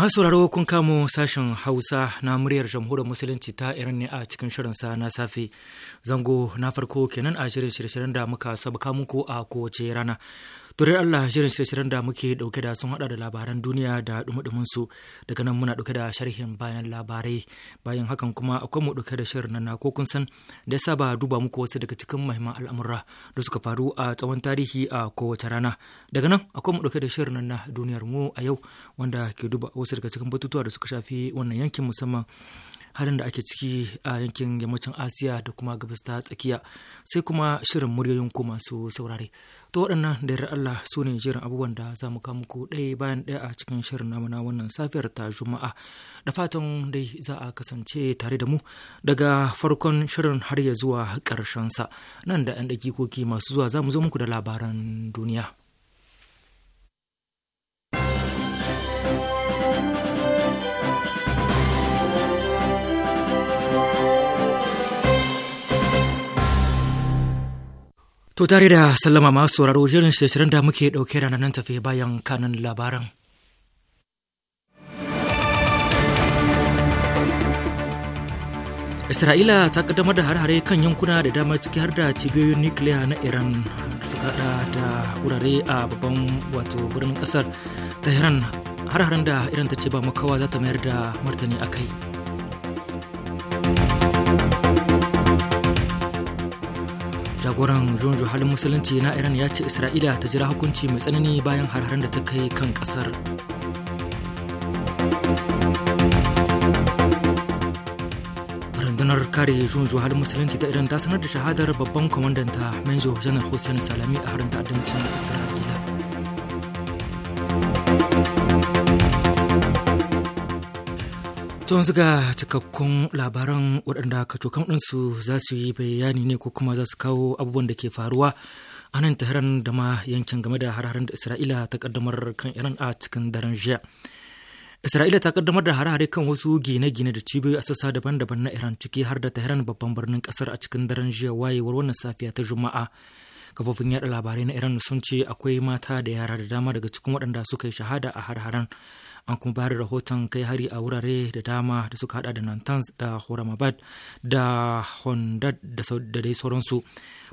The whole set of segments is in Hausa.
Masu sauraro kun kamo sashen Hausa na muryar jamhuriyar Musulunci ta Iran ne a cikin shirinsa na safe. Zango na farko kenan a shirin shirye-shiryen da muka saba muku a kowace rana. Turar Allah shirin shirye-shiryen da muke dauke da sun hada da labaran duniya da dumudumin su daga nan muna dauke da sharhin bayan labarai bayan hakan kuma akwai mu dauke da shirin na ko kun san da ya saba duba muku wasu daga cikin muhimman al'amura da suka faru a tsawon tarihi a kowace rana daga nan akwai mu dauke da shirin na duniyar mu a yau wanda ke duba wasu daga cikin batutuwa da suka shafi wannan yankin musamman halin da ake ciki a yankin yammacin asiya da kuma gabas ta tsakiya sai kuma shirin muryoyin ku masu saurare To waɗannan da yarda Allah su ne jiran abubuwan da za mu kawo muku ɗaya bayan ɗaya a cikin shirin namu na wannan safiyar ta Juma'a. Da fatan dai za a kasance tare da mu daga farkon shirin har ya zuwa sa Nan da 'yan dakikoki masu zuwa za mu zo muku da labaran duniya. To tare da sallama masu sauraro jirin shirin da muke ɗauke da nan tafi bayan kanin labaran. Isra'ila ta kaddamar da har-hare kan yankuna da dama ciki har da cibiyoyin nukiliya na Iran suka hada da wurare a babban wato birnin kasar Tehran har-haren da Iran ta ce ba makawa za ta mayar da martani a kai. jagoran junju halin musulunci na iran ya ce isra'ila ta jira hukunci mai tsanani bayan harharen da ta kai kan kasar rundunar kare junju halin musulunci ta iran ta sanar da shahadar babban kwamandanta menjo janar hussein salami a harin ta'addancin isra'ila To yanzu ga cikakkun labaran waɗanda kacokan ɗinsu za su yi bayani ne ko kuma za su kawo abubuwan da ke faruwa a nan Tehran da ma yankin game da har-haren da Isra'ila ta kaddamar kan Iran a cikin daren jiya. Isra'ila ta kaddamar da hare-hare kan wasu gine-gine da cibiyoyi a sassa daban-daban na Iran ciki har da Tehran babban birnin kasar a cikin daren jiya wayewar wannan safiya ta Juma'a. Kafofin yada labarai na Iran sun ce akwai mata da yara da dama daga cikin waɗanda suka yi shahada a har an kuma bayar da rahoton kai hari a wurare da dama da suka hada da nantans da horamabad da hondad da dai sauransu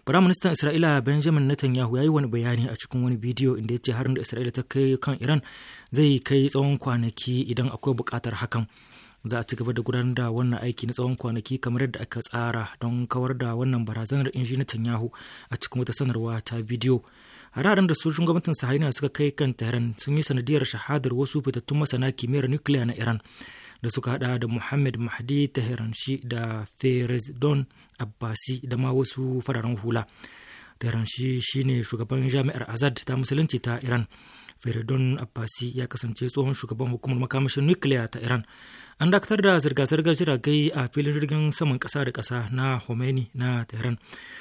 Firaministan Isra'ila Benjamin Netanyahu ya yi wani bayani a cikin wani bidiyo inda ya ce harin da Isra'ila ta kai kan Iran zai kai tsawon kwanaki idan akwai bukatar hakan. Za a ci gaba da gudanar da wannan aiki na tsawon kwanaki kamar yadda aka tsara don kawar da wannan barazanar inji Netanyahu a cikin wata sanarwa ta bidiyo. hararen da sojin gwamnatin sahariya suka kai kan tehran sun yi sanadiyar shahadar wasu fitattun masana kimiyyar nukiliya na iran da suka hada da muhammad mahdi tehranshi da Don abbasi da ma wasu fararen hula tehranshi shine shugaban jami'ar azad ta musulunci ta iran Don abbasi ya kasance tsohon shugaban hukumar makamashin nukiliya ta iran an dakatar da zirga-zirgar jiragai a filin jirgin saman kasa da kasa na Khomeini na Tehran.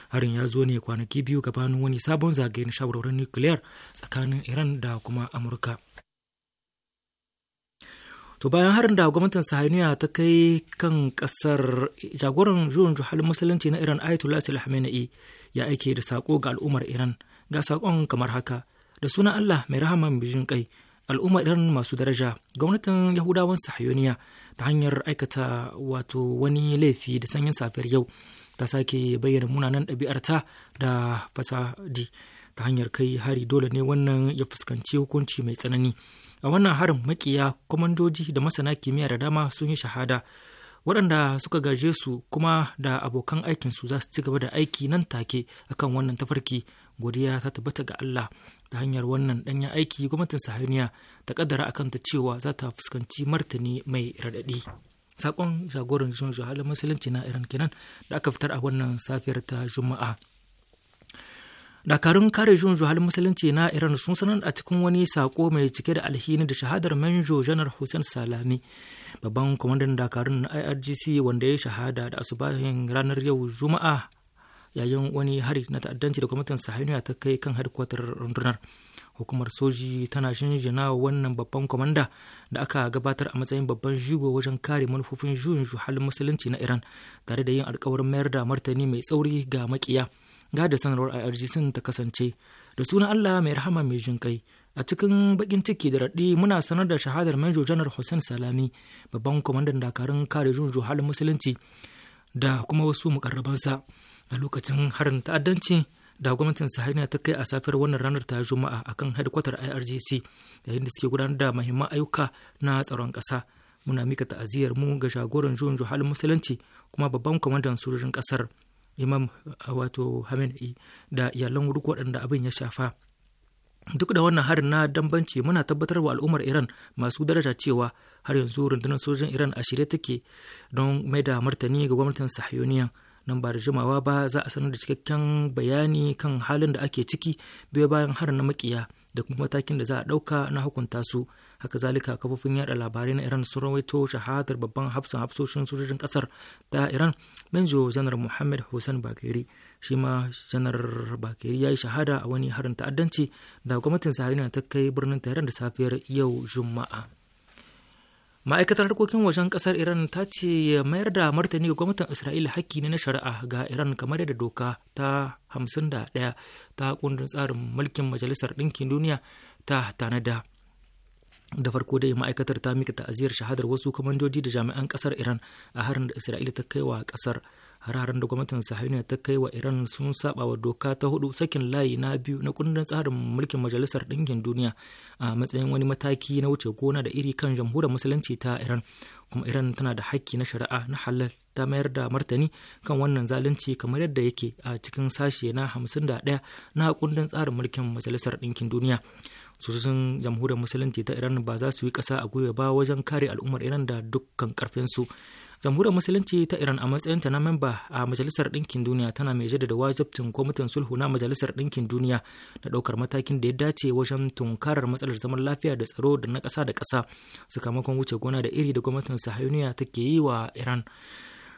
Harin ya zo ne kwanaki biyu gabanin wani sabon zagaye na shawarwarin nukiliyar tsakanin Iran da kuma Amurka. To bayan harin da gwamnatin sahaniya ta kai kan kasar jagoran juyin juhalin musulunci na Iran Ayatollah Sayyid Khamenei ya aike da sako ga al'ummar Iran ga sakon kamar haka da sunan Allah mai rahama mai kai al'ummar Iran masu daraja gwamnatin Yahudawan sahayoniya ta hanyar aikata wato wani laifi da sanyin safiyar yau ta sake bayyana munanan ɗabi'arta da fasadi ta hanyar kai hari dole ne wannan ya fuskanci hukunci mai tsanani a wannan harin makiya kwamandoji da masana kimiyya da dama sun yi shahada waɗanda suka gaje su kuma da abokan aikinsu za su ci gaba da aiki nan take akan wannan tafarki godiya ta tabbata ga Allah ta hanyar wannan danyen aiki gwamnatin sahaniya ta kaddara a kanta cewa za ta fuskanci martani mai raɗaɗi sakon shagoran jin halin musulunci na iran kenan da aka fitar a wannan safiyar ta juma'a dakarun kare jin halin musulunci na iran sun sanar a cikin wani sako mai cike da alhini da shahadar manjo janar hussein salami babban kwamandan dakarun na irgc wanda ya shahada da asubahin ranar yau juma'a yayin wani hari na ta'addanci da gwamnatin sahaniya ta kai kan hadkwatar rundunar hukumar soji tana shinjina wannan babban kwamanda da aka gabatar a matsayin babban jigo wajen kare manufofin juyin halin musulunci na iran tare da yin alkawarin mayar da martani mai tsauri ga makiya ga da sanarwar irgc ta kasance da sunan allah mai rahama mai jin kai a cikin bakin ciki da raɗi muna sanar da shahadar manjo janar hussein salami babban kwamandan dakarun kare juyin halin musulunci da kuma wasu mukarrabansa a lokacin harin ta'addanci da gwamnatin sahariya ta kai a safiyar wannan ranar ta juma'a a kan hedkwatar irgc yayin da suke gudanar da mahimman ayyuka na tsaron kasa muna mika ta'aziyar mu ga shagoran juyin juhalin musulunci kuma babban kwamandan sojojin kasar imam wato da iyalan duk waɗanda abin ya shafa duk da wannan harin na dambanci muna tabbatar wa al'ummar iran masu daraja cewa har yanzu rundunar sojojin iran a shirye take don mai da martani ga gwamnatin sahiyoniyan nan ba da jimawa ba za a sanar da cikakken bayani kan halin da ake ciki biyo bayan harin na makiya da kuma matakin da za a ɗauka na hukunta su haka zalika kafofin yada labarai na iran sun rawaito shahadar babban hafsan hafsoshin sojojin kasar ta iran benjo janar muhammad hussein bakiri shi ma janar bakiri ya yi shahada a wani harin ta'addanci da gwamnatin sahariya ta kai birnin tehran da safiyar yau juma'a ma'aikatar harkokin wajen kasar iran ta ce ya mayar da martani ga gwamnatin isra'ila hakki ne na shari'a ga iran kamar yadda doka ta 51 ta kundin tsarin mulkin majalisar ɗinkin duniya ta tanada da farko dai ma'aikatar ta mika ta'aziyar shahadar wasu kamandoji da jami'an kasar iran a harin da isra'ila ta kai wa kasar hararen da gwamnatin sahiyuniya ta kai wa iran sun saba wa doka ta hudu sakin layi na biyu na kundin tsarin mulkin majalisar ɗinkin duniya a matsayin wani mataki na wuce gona da iri kan jamhuriyar musulunci ta iran kuma iran tana da hakki na shari'a na halal ta mayar da martani kan wannan zalunci kamar yadda yake a cikin sashe na da 51 na kundin tsarin mulkin majalisar ɗinkin duniya sojojin jamhuriyar musulunci ta iran ba za su yi kasa a gwiwa ba wajen kare al'ummar iran da dukkan ƙarfinsu Jamhuriyar Musulunci ta Iran a matsayinta na memba a Majalisar Ɗinkin Duniya tana mai jaddada wajibcin kwamitin sulhu na Majalisar Ɗinkin Duniya da ɗaukar matakin da ya dace wajen tunkarar matsalar zaman lafiya da tsaro da na ƙasa da ƙasa sakamakon wuce gona da iri da gwamnatin Sahayuniya take yi wa Iran.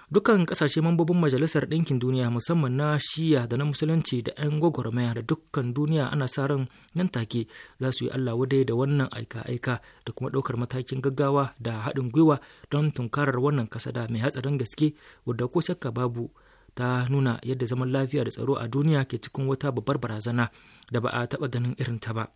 dukkan kasashe mambobin Majalisar Ɗinkin Duniya musamman na shiya da na musulunci da 'yan gwagwarmaya da dukkan duniya ana sa ran nan take za su yi Allah wadai da wannan aika-aika da kuma ɗaukar matakin gaggawa da haɗin gwiwa don tunkarar wannan kasada mai hatsarin gaske wadda ko shakka babu ta nuna yadda zaman lafiya da tsaro a duniya ke cikin wata babbar barazana da ba a taɓa ganin irin ta ba.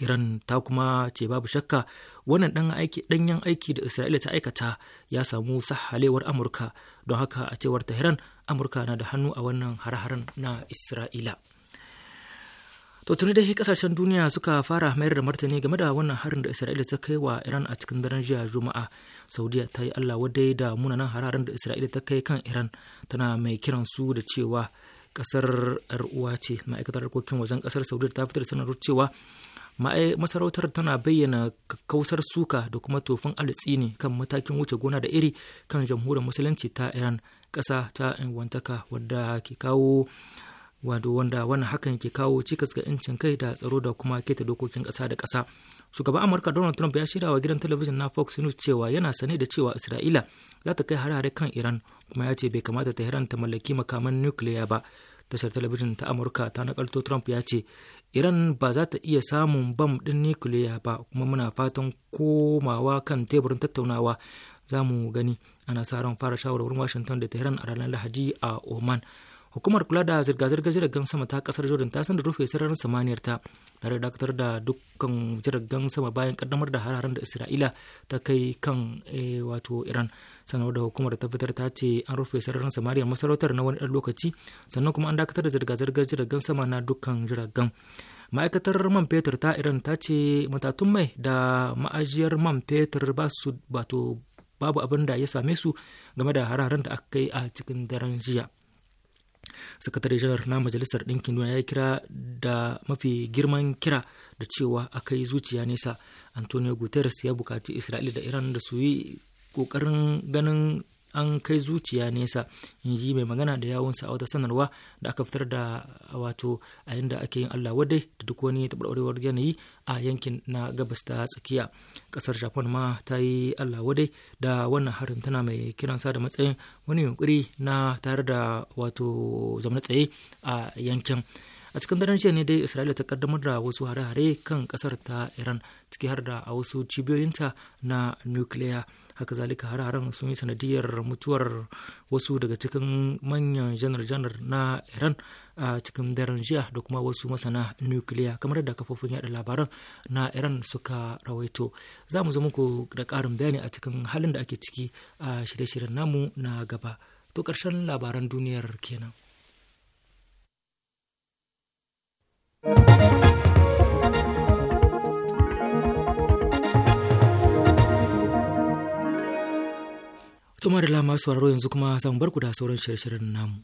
Iran ta kuma ce babu shakka wannan ɗan aiki ɗanyen aiki da Isra'ila ta aikata ya samu sahalewar Amurka don haka a cewar Tehran Amurka na da hannu a wannan haraharan na Isra'ila. To tuni dai kasashen duniya suka fara mayar da martani game da wannan harin da Isra'ila ta kai wa Iran a cikin daren jiya Juma'a. Saudiya ta yi Allah wadai da munanan hararin da Isra'ila ta kai kan Iran tana mai kiran su da cewa kasar uwa ce ma'aikatar harkokin wajen kasar Saudiya ta fitar sanarwar cewa masarautar tana bayyana kausar suka da kuma tofin alitsi ne kan matakin wuce gona da iri kan jamhuriyar musulunci ta iran ƙasa ta wantaka wadda ke kawo wato wanda wannan hakan ke kawo cikas ga incin kai da tsaro da kuma keta dokokin ƙasa da ƙasa shugaban amurka donald trump ya shirya wa gidan talabijin na fox news cewa yana sane da cewa isra'ila za ta kai hare-hare kan iran kuma ya ce bai kamata ta ta mallaki makaman nukiliya ba tashar talabijin ta amurka ta nakalto trump ya ce iran ba za ta iya samun bam ɗin nukiliya ba kuma muna fatan komawa kan teburin tattaunawa za mu gani ana sa ran fara shawarwarin washington da tehran a ranar lahadi a oman hukumar kula da zirga-zirgar jiragen sama ta kasar jordan ta sanar rufe sararin samaniyar ta tare da dakatar da dukkan jiragen sama bayan kaddamar da hararen da isra'ila ta kai kan eh, wato iran sannan da hukumar ta fitar ta ce an rufe sararin samariyar masarautar na wani ɗan lokaci sannan kuma an dakatar da zirga-zirgar jiragen sama na dukkan jiragen ma'aikatar man fetur ta iran ta ce matatun mai da ma'ajiyar man fetur ba su bato babu abin da ya same su game da hararen da aka kai a cikin daren jiya sakatare janar na majalisar ɗinkin duniya ya kira da mafi girman kira da cewa a kai zuciya nesa antonio guterres ya bukaci isra'ila da iran da su yi kokarin ganin an kai zuciya nesa in ji mai magana da yawon sa wata sanarwa da aka fitar da wato a yadda ake yin Allah wadai da duk wani taɓarɓarewar yanayi a yankin na gabas ta tsakiya ƙasar japan ma ta yi Allah wadai da wannan harin tana mai kiransa da matsayin wani yunkuri na tare da wato zama tsaye a yankin a cikin daren jiya ne dai isra'ila ta kaddamar da wasu hare-hare kan ƙasar ta iran ciki har da a wasu cibiyoyinta na nukiliya haka zalika har sun yi sanadiyar mutuwar wasu daga cikin manyan janar-janar na iran a cikin daren jiya da kuma wasu masana nukiliya kamar da kafofin yada labaran na iran suka rawaito za mu zo muku da karin bayani a cikin halin da ake ciki a shirye-shiryen namu na gaba to karshen labaran duniyar kenan. Tuma da lama sauraro yanzu kuma zan barku da sauran shirye-shiryen namu.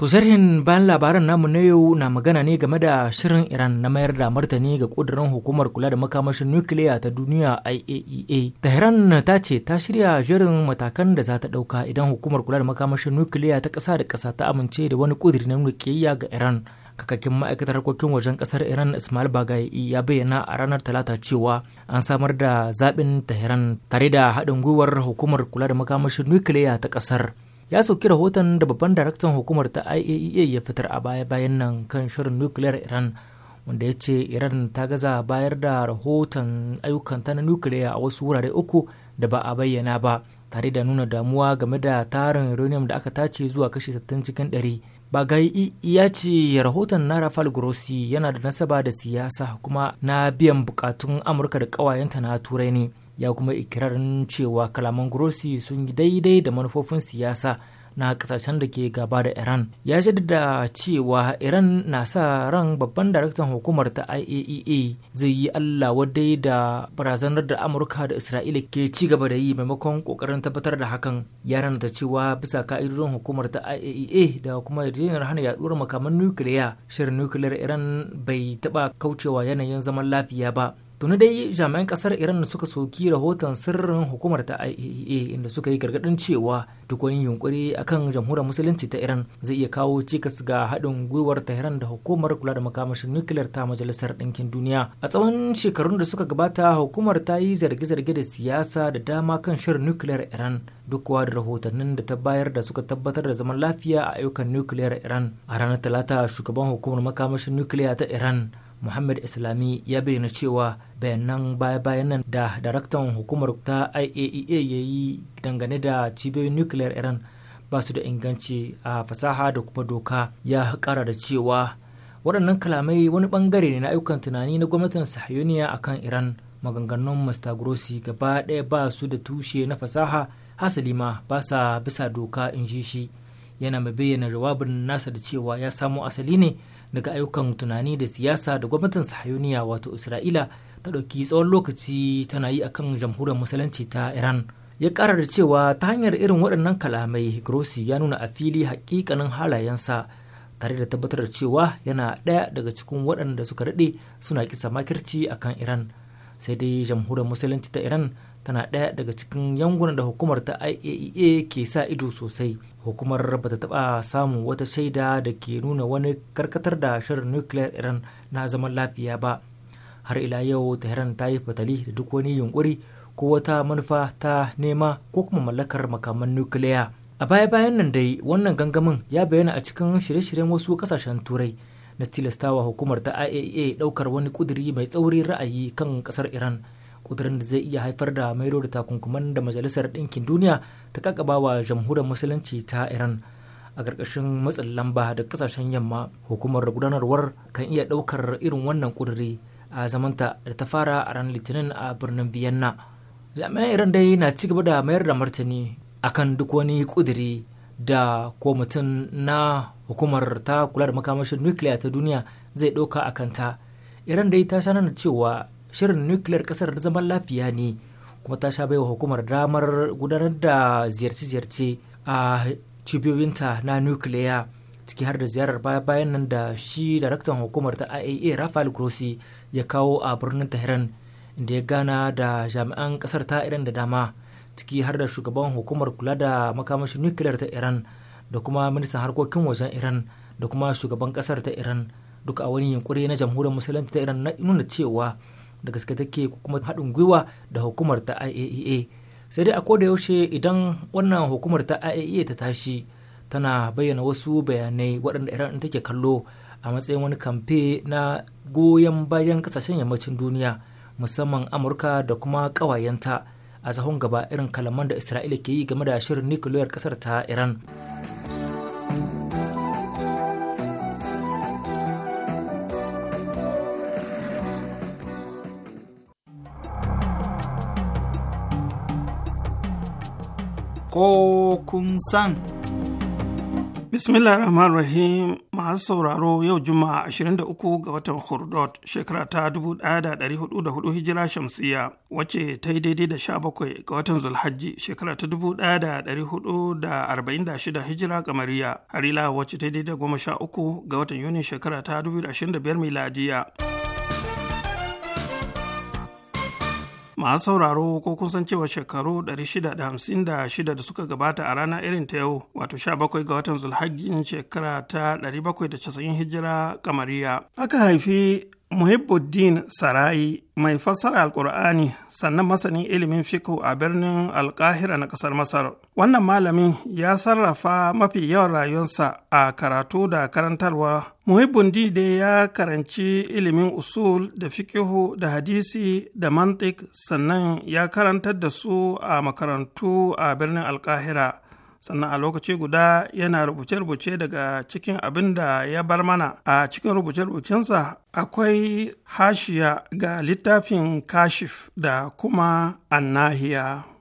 To sarhin bayan labaran namu na yau na magana ne game da shirin Iran na mayar da martani ga kudirin hukumar kula da makamashin nukiliya ta duniya IAEA. E Tehran ta ce ta shirya jerin matakan da za ta ɗauka idan hukumar kula da makamashin nukiliya ta kasa da kasa ta amince da wani kudiri na nukiliya ga Iran. kakakin ma'aikatar harkokin wajen kasar iran ismail bagai ya bayyana a ranar talata cewa an samar da zaɓin tehran tare da haɗin gwiwar hukumar kula da makamashin nukiliya ta ƙasar ya sauki rahoton da babban daraktan hukumar ta iaea e ya fitar a baya bayan nan kan shirin nukiliyar iran wanda ya ce iran ta gaza bayar da rahoton ayyukanta na nukiliya a wasu wurare uku da ba a bayyana ba tare da nuna damuwa game da tarin uranium da aka tace zuwa kashi 60 cikin 100 bagai ya ce rahoton na rafal grossi yana da nasaba da siyasa kuma na biyan bukatun amurka da ƙawayenta na turai ne ya kuma ikirarin cewa kalaman grossi sun yi daidai da manufofin siyasa na kasashen da ke gaba da iran ya da cewa iran na sa ran babban daraktan hukumar ta iaea e zai yi allah wadai da barazanar da amurka da isra'ila ke ci gaba da yi maimakon kokarin tabbatar da hakan ya ta cewa bisa ka'idodin hukumar ta iaea e da kuma yarjejeniyar hana yaduwar makaman nukiliya shirin nukiliyar iran bai taba kaucewa yanayin zaman lafiya ba tuni dai jami'an kasar iran suka soki rahoton sirrin hukumar ta iaea e inda suka yi gargadin cewa duk wani yunkuri akan jamhuriyar musulunci ta iran zai iya kawo cikas ga haɗin gwiwar tehran da hukumar kula da makamashin nukiliyar ta majalisar ɗinkin duniya a tsawon shekarun da suka gabata hukumar ta yi zarge-zarge da siyasa da dama kan shirin nukiliyar iran duk da rahotannin da ta bayar da suka tabbatar da zaman lafiya a ayyukan nukiliyar iran a ranar talata shugaban hukumar makamashin nukiliya ta iran muhammad islami ya bayyana cewa bayanan baya-bayan nan da daraktan hukumar ta iaea e ya yi dangane da cibiyoyin nuclear iran ba su da inganci a fasaha da kuma doka ya kara da cewa waɗannan kalamai wani ɓangare ne na ayyukan tunani na gwamnatin sahiyoniya a kan iran maganganun mr grossi gaba ɗaya ba su da tushe na fasaha hasali ma ba sa bisa doka in shi yana mai bayyana jawabin nasa da cewa ya samo asali ne daga ayyukan tunani da siyasa da gwamnatin sahayuniya wato isra'ila ta ɗauki tsawon lokaci tana yi akan jamhuriyar musulunci ta iran ya ƙara da cewa ta hanyar irin waɗannan kalamai grossi ya nuna a fili haƙiƙanin halayensa tare da tabbatar da cewa yana ɗaya daga cikin waɗanda suka daɗe suna kisa makirci akan iran sai dai jamhuriyar musulunci ta iran tana ɗaya daga cikin yankunan da hukumar ta iaea e ke sa ido sosai hukumar ba ta taɓa samun wata shaida da ke nuna wani karkatar da shirin nuclear iran na zaman lafiya ba har ila yau tehran ta yi fatali da duk wani yunkuri ko wata manufa ta nema ko kuma mallakar makaman nukiliya a baya-bayan nan dai wannan gangamin ya bayyana a cikin shirye-shiryen wasu kasashen turai na tilastawa hukumar ta iaea e ɗaukar wani ƙudiri mai tsauri ra'ayi kan ƙasar iran kudurin da zai iya haifar da maido da takunkuman da majalisar ɗinkin duniya ta kakaba wa jamhuriyar musulunci ta iran a ƙarƙashin matsin lamba da ƙasashen yamma hukumar gudanarwar kan iya ɗaukar irin wannan kuduri a zamanta da ta fara a ran litinin a birnin vienna jami'an iran dai na ci gaba da mayar da martani akan duk wani kuduri da ko mutum na hukumar ta kula da makamashin nukiliya ta duniya zai ɗauka a kanta iran dai ta sanar da cewa shirin nukiliyar kasar zaman lafiya ne kuma ta sha baiwa hukumar damar gudanar da ziyarce-ziyarce a cibiyoyinta na nukiliya ciki har da ziyarar bayan nan da shi daraktan hukumar ta iaea rafael grossi ya kawo a birnin tehran inda ya gana da jami'an kasar ta iran da dama ciki har da shugaban hukumar kula da makamashin nukiliyar ta iran da kuma ministan harkokin wajen iran da kuma shugaban kasar ta iran duka a wani yunkuri na jamhuriyar musulunci ta iran na nuna cewa da gaske take kuma haɗin gwiwa da hukumar ta IAEA e sai dai a koda yaushe idan wannan hukumar ta IAEA e ta tashi tana bayyana wasu bayanai waɗanda Iran take kallo a matsayin wani kamfe na goyon bayan ƙasashen yammacin duniya musamman Amurka da kuma ƙawayenta a zahon gaba irin kalaman da Isra'ila ke yi game da shirin nukiliyar ƙasar ta Iran. ko kun san. Bismillah rahman rahim masu sauraro yau Juma'a 23 ga watan Hurdot shekara ta 1404 hijira shamsiya wace ta yi daidai da 17 ga watan Zulhajji shekara ta 1446 hijira kamariya harila wace ta yi daidai da 13 ga watan Yuni shekara ta 2025 miladiya. masu sauraro ko kun san cewa shekaru 656 da suka gabata a rana irin ta yau wato 17 ga watan zulhaggin shekara ta 790 hijira kamariya aka haifi Muhibbuddin Sarayi mai fassara alkur'ani sannan masanin ilimin fiko a birnin alkahira na ƙasar Masar. Wannan malamin ya sarrafa mafi yawan rayuwarsa a karatu da karantarwa. Muhibbuddin dai ya karanci ilimin usul da fikihu da hadisi da mantik sannan ya karantar da su a makarantu a birnin alkahira sannan a lokaci guda yana rubuce-rubuce daga cikin abin da ya bar mana a cikin rubuce-rubucensa akwai hashiya ga littafin kashif da kuma annahiya.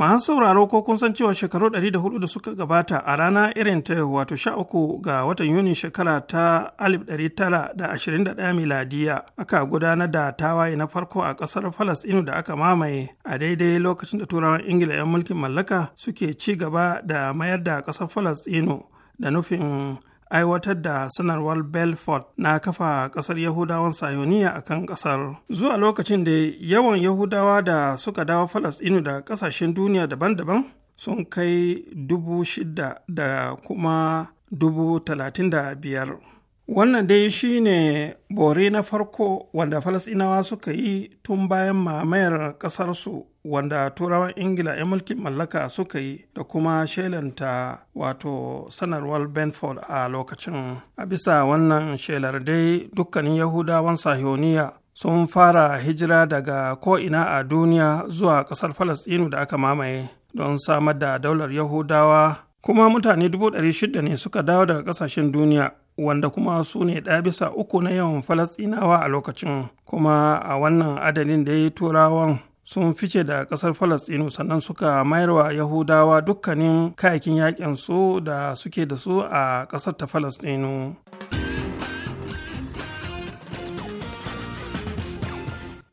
Masu sauraro ko kun san cewa shekaru 104 da suka gabata a rana irin ta wato 13 ga watan yuni shekara ta 1921 miladiya aka gudanar da tawaye na farko a ƙasar Falasɗinu da aka mamaye a daidai lokacin da turawan Ingila 'yan mulkin mallaka suke ci gaba da mayar da ƙasar Falasɗinu da nufin aiwatar da sanarwar belfort na kafa ƙasar yahudawan sayoniya a kan ƙasar zuwa lokacin da yawan yahudawa da suka dawo falasɗinu da ƙasashen duniya daban-daban sun kai dubu shida da kuma dubu talatin da biyar wannan dai shi ne bore na farko wanda falasinawa suka yi tun bayan mamayar ƙasarsu wanda turawan ingila 'yan mulkin mallaka suka yi da kuma shelanta wato sanarwar benford a lokacin a bisa wannan shelar dai dukkanin yahudawan sahioniya sun fara hijira daga ko'ina a duniya zuwa ƙasar falasɗinu da aka mamaye don samar da daular yahudawa kuma mutane 600 ne suka dawo daga ƙasashen duniya wanda kuma su ne ɗaya bisa uku na yawan falasɗinawa a lokacin kuma a wannan adalin da ya yi turawan sun fice da ƙasar falasɗinu sannan suka mayarwa yahudawa dukkanin kayakin yaƙinsu su da suke da su a ƙasar ta falasɗinu.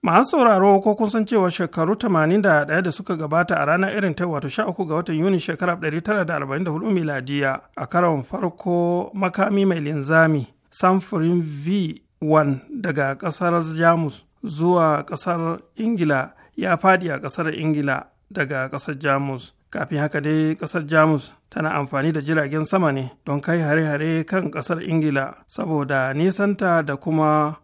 masu sauraro ko kun san cewa shekaru 81 da suka gabata a ranar irin ta wato 13 ga watan yuni shekarar 1944 miladiya a karon farko makami mai linzami samfurin v1 daga kasar jamus zuwa kasar ingila ya fadi a kasar ingila daga kasar jamus kafin haka dai kasar jamus tana amfani da jiragen sama ne don kai hare-hare kan kasar ingila saboda nisanta da kuma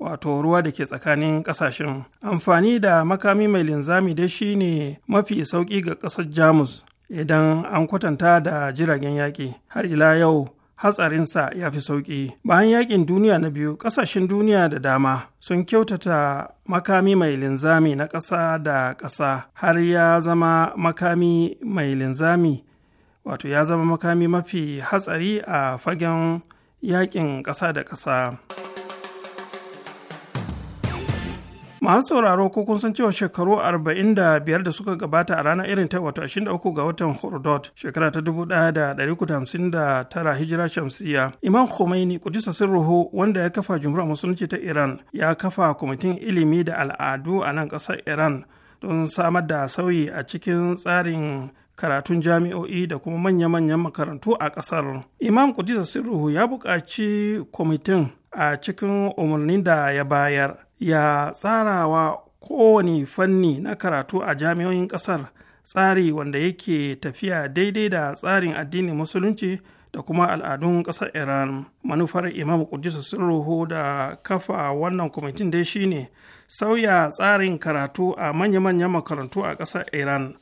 wato ruwa da ke tsakanin ƙasashen amfani da makami mai linzami da shi ne mafi sauƙi ga ƙasar jamus idan an kwatanta da jiragen yaƙi har ila yau hatsarinsa ya fi sauƙi bayan yaƙin duniya na biyu ƙasashen duniya da dama sun kyautata makami mai linzami na ƙasa da ƙasa har ya zama makami mai linzami wato ya zama makami mafi hatsari a fagen yaƙin ƙasa da ƙasa. masu sauraro ko kun san cewa shekaru 45 da suka gabata a ranar irin ta wato 23 ga watan hurdot shekara ta 1959 hijira shamsiya imam khomeini kudisa sirruhu wanda ya kafa jumhuriyar musulunci ta iran ya kafa kwamitin ilimi da al'adu a nan ƙasar iran don samar da sauyi a cikin tsarin karatun jami'o'i da kuma manya-manyan makarantu a ƙasar. Imam Kudisa Sirruhu ya buƙaci kwamitin a cikin umarnin da ya bayar ya tsarawa kowane fanni na karatu a jami'o'in ƙasar tsari wanda yake tafiya daidai da tsarin addinin musulunci da kuma al'adun ƙasar iran manufar imam kudus sirruhu da kafa wannan kwamitin dai shine sauya tsarin karatu a manya-manyan makarantu a ƙasar iran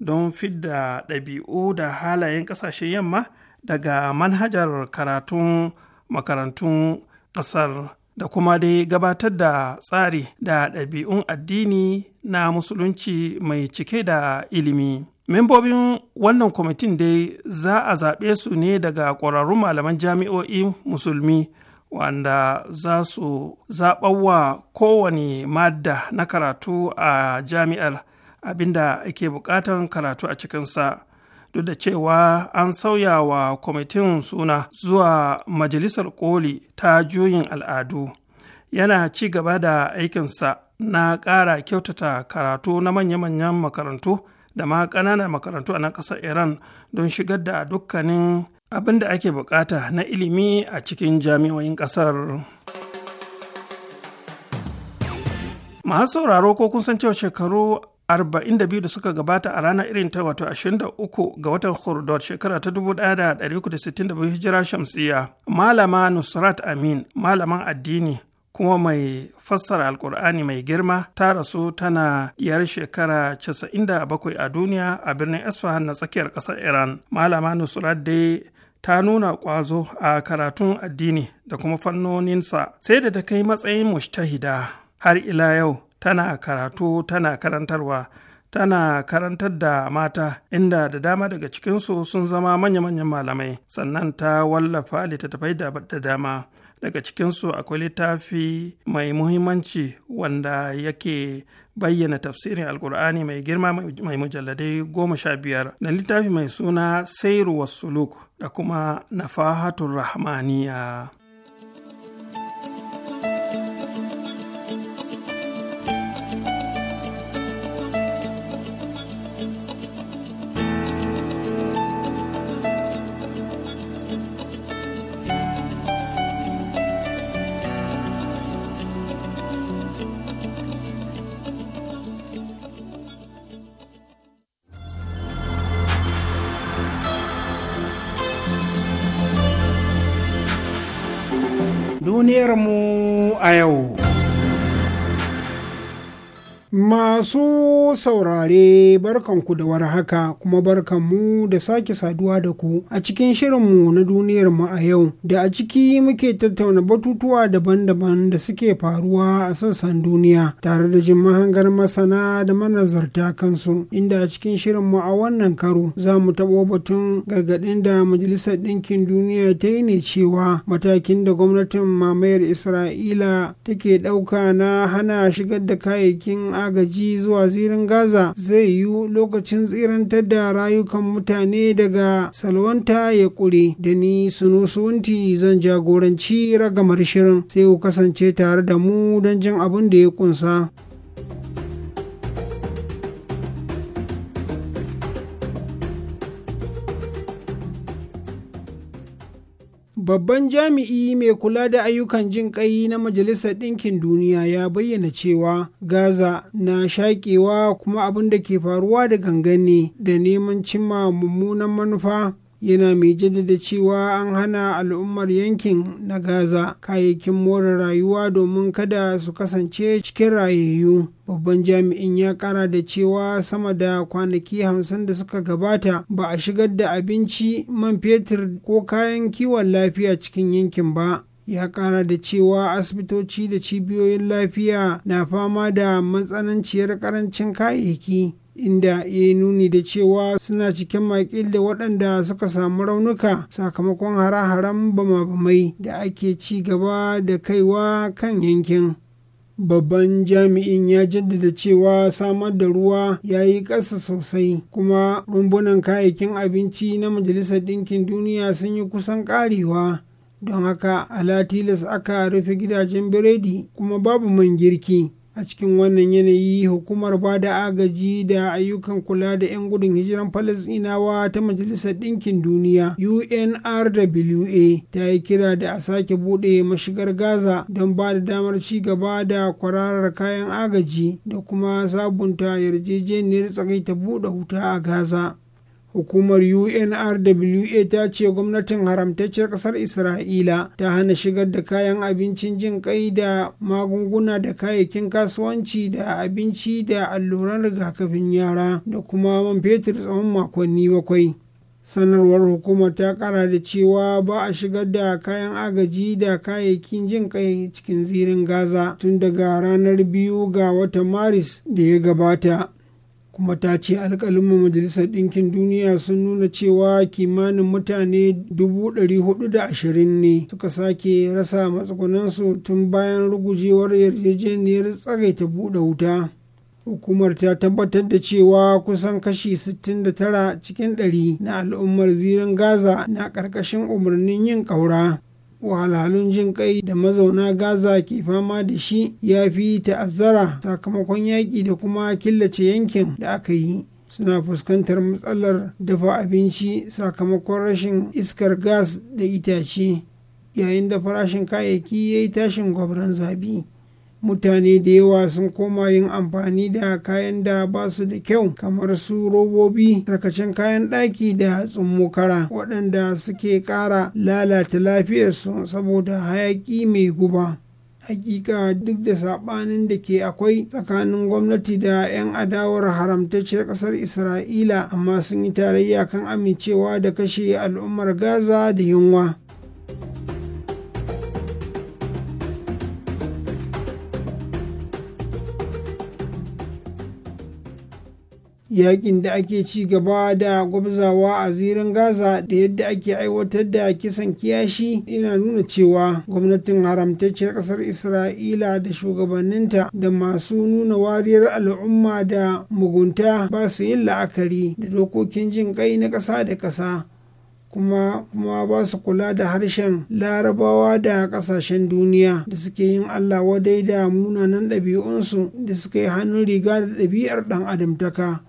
don fidda ɗabi'u da halayen ƙasashen yamma daga manhajar karatun makarantun ƙasar da kuma dai gabatar da tsari da ɗabi'un addini na musulunci mai cike da ilimi. Membobin wannan kwamitin dai za a zaɓe su ne daga ƙwararrun malaman jami'o'i musulmi wanda za su zaɓawa kowane madda na karatu a jami'ar abinda ake buƙatan karatu a cikinsa duk da cewa an sauya wa kwamitin suna zuwa majalisar koli ta juyin al'adu yana ci gaba da aikinsa na ƙara kyautata karatu na manya-manyan makarantu da ma ƙananan makarantu a nan ƙasar iran don shigar da dukkanin abin da ake bukata na ilimi a cikin jami'o'in ƙasar masu sauraro ko kun san cewa shekaru 42 da suka gabata a ranar irin ta wato 23 ga watan Hurdot shekara ta 1362 hijira shamsiya. Malama Nusrat Amin, malaman addini kuma mai fassara alkur'ani mai girma ta rasu tana yar shekara 97 a duniya a birnin Isfahan na tsakiyar ƙasar Iran. Malama Nusrat dai ta nuna ƙwazo a karatun addini da kuma fannoninsa sai da ta kai matsayin mushtahida har ila yau tana karatu tana karantarwa tana karantar da mata inda da dama daga cikinsu sun zama manya-manyan malamai sannan ta wallafa littattafai da dama daga cikinsu akwai littafi mai muhimmanci wanda yake bayyana tafsirin alkur'ani mai girma mai mujalladai goma sha biyar da littafi mai suna sairu Suluk da kuma nafahatun rahmaniya mu a yau. Masu saurare barkanku da war haka kuma barkanmu da sake saduwa da ku a cikin shirinmu na duniyarmu a yau da a ciki muke tattauna batutuwa daban-daban da suke faruwa a sassan duniya tare da jin mahangar masana da manazarta kansu inda a cikin shirinmu a wannan karo za mu taɓo batun gargaɗin da majalisar ɗinkin duniya ta yi ne cewa matakin da gwamnatin mamayar Isra'ila take ɗauka na hana shigar da kayayyakin agaji zuwa zirin gaza zai yiwu lokacin tsirantar da rayukan mutane daga salwanta ya kure da ni sunusunti zan jagoranci ragamar shirin sai ku kasance tare da mu don jin abin da ya kunsa. Babban jami'i mai kula da ayyukan jin ƙai na Majalisar Ɗinkin Duniya ya bayyana cewa Gaza na shaƙewa kuma abin da ke faruwa da gangan da neman cimma mummunan manufa yana mai jaddada cewa an hana al'ummar yankin na gaza kayayyakin more rayuwa domin kada su kasance cikin rayayyu babban jami'in ya kara da cewa sama da kwanaki hamsin da suka gabata ba a shigar da abinci man fetur ko kayan kiwon lafiya cikin yankin ba ya kara da cewa asibitoci da cibiyoyin lafiya na fama da matsananciyar karancin kayayyaki inda ya nuni da cewa suna cikin makil da waɗanda suka samu raunuka sakamakon hare-haren bama-bamai da ake ci gaba da kaiwa kan yankin babban jami'in ya jaddada cewa samar da ruwa ya yi ƙasa sosai kuma rumbunan kayayyakin abinci na majalisar ɗinkin duniya sun yi kusan ƙarewa don haka a alatilas aka rufe gidajen biredi kuma babu man girki a cikin wannan yanayi hukumar ba da agaji da ayyukan kula da 'yan gudun hijiran falasinawa ta majalisar ɗinkin duniya unrwa ta yi kira da a sake buɗe mashigar gaza don ba da damar ci gaba da kwararar kayan agaji da kuma sabunta yarjejeniyar tsakaita buɗe wuta a gaza hukumar unrwa ta ce gwamnatin haramtacciyar ƙasar isra'ila ta hana shigar da kayan abincin jin kai da magunguna da kayayyakin kasuwanci da abinci da alluran rigakafin yara da kuma man fetur tsawon makonni bakwai sanarwar hukumar ta kara da cewa ba a shigar da kayan agaji da kayayyakin jin kai cikin zirin gaza tun daga ranar biyu ga watan maris da ya gabata kuma ta ce alkalinmu majalisar ɗinkin duniya sun nuna cewa kimanin mutane 420 ne suka sake rasa matsugunansu tun bayan rugujewar yarjejeniyar tsagaita buɗe wuta hukumar ta tabbatar da cewa kusan kashi 69 cikin 100 na al'ummar zirin gaza na ƙarƙashin umarnin yin ƙaura wahalhalun jin kai da mazauna gaza ke fama da shi ya fi ta'azzara sakamakon yaƙi da kuma killace yankin da aka yi suna fuskantar matsalar dafa abinci sakamakon rashin iskar gas da itace yayin da farashin kayayyaki ya yi tashin gwabran zabi mutane da yawa sun koma yin amfani da kayan da ba su da kyau kamar su robobi tarkacen kayan ɗaki da tsummokara waɗanda suke ƙara lalata lafiyarsu saboda hayaƙi mai guba hakika duk da saɓanin da ke akwai tsakanin gwamnati da 'yan adawar haramtacciyar ƙasar isra'ila amma sun yi tarayya kan amincewa da kashe al'ummar gaza da yunwa. yakin da ake ci gaba da gwabzawa a zirin gaza da yadda ake aiwatar da kisan kiyashi yana nuna cewa gwamnatin haramtacciyar kasar isra'ila da shugabanninta da masu nuna wariyar al'umma da mugunta ba su yin la'akari da dokokin jin kai na ƙasa da ƙasa kuma kuma ba su kula da harshen larabawa da kasashen duniya da suke yin allah wadai da munanan ɗabi'unsu da suka yi hannun riga da ɗabi'ar ɗan adamtaka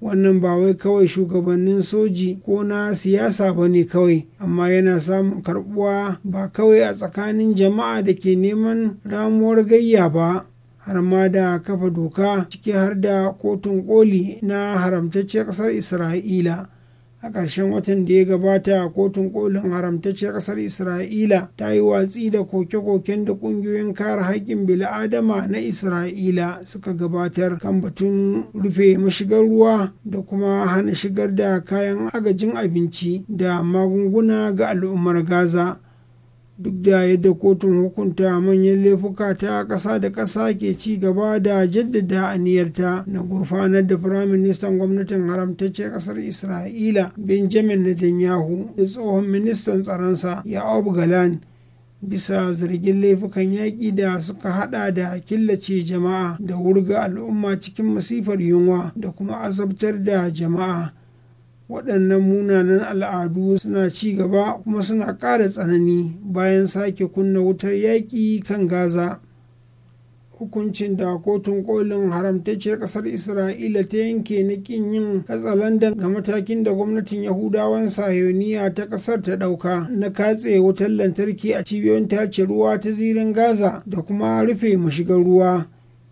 wannan ba wai kawai shugabannin soji ko na siyasa ba ne kawai amma yana samun karbuwa ba kawai a tsakanin jama'a da ke neman ramuwar gayya ba har ma da kafa doka ciki har da kotun koli na haramtacciyar ƙasar isra'ila a ƙarshen watan da ya gabata kotun kolin haramtacciyar ƙasar isra'ila ta yi watsi da koke-koken da ƙungiyoyin kare haƙƙin bil'adama na isra'ila suka gabatar kan batun rufe mashigar ruwa da kuma hana shigar da kayan agajin abinci da magunguna ga al'ummar gaza duk da yadda kotun hukunta manyan laifuka ta ƙasa da ƙasa ke ci gaba da jaddada aniyarta na gurfanar da firaministan gwamnatin haramtacciyar ƙasar isra'ila benjamin netanyahu da tsohon ministan tsaronsa ya galan bisa zargin laifukan yaƙi da suka hada da killace jama'a da wurga al'umma cikin masifar yunwa da kuma azabtar da jama'a waɗannan munanan al'adu suna ci gaba kuma suna ƙara tsanani bayan sake kunna wutar yaƙi kan gaza hukuncin da kotun kolin haramtacciyar ƙasar isra'ila ta yanke na ƙin yin katsalandan ga matakin da gwamnatin yahudawan sahiyoniya ta ƙasar ta ɗauka. na katse wutar lantarki a cibiyoyin tace ruwa ta zirin gaza da kuma rufe mashigar ruwa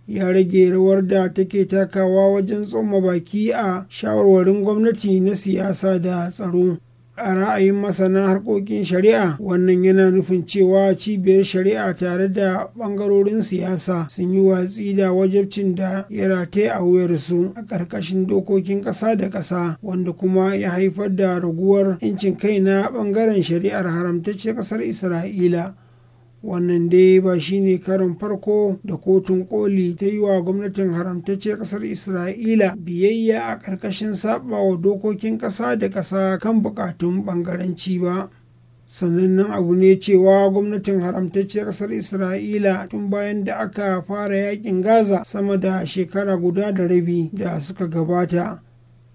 ya rage rawar da take takawa wajen tsoma baki a shawarwarin gwamnati na siyasa da tsaro a ra'ayin masana harkokin shari'a wannan yana nufin cewa cibiyar shari'a tare da bangarorin siyasa sun yi watsi da wajabcin da ya rate a su, a ƙarƙashin dokokin ƙasa da ƙasa wanda kuma ya haifar da raguwar 'yancin kai na bangaren shari'ar haramtaccen ƙasar isra'ila wannan dai ba shine karin farko da kotun koli ta yi wa gwamnatin haramtacce kasar isra'ila biyayya a ƙarƙashin saba wa dokokin ƙasa da ƙasa kan buƙatun ɓangaranci ba sanannen abu ne cewa gwamnatin haramtacciyar ƙasar isra'ila tun bayan da aka fara yakin gaza sama da shekara guda da rabi da suka gabata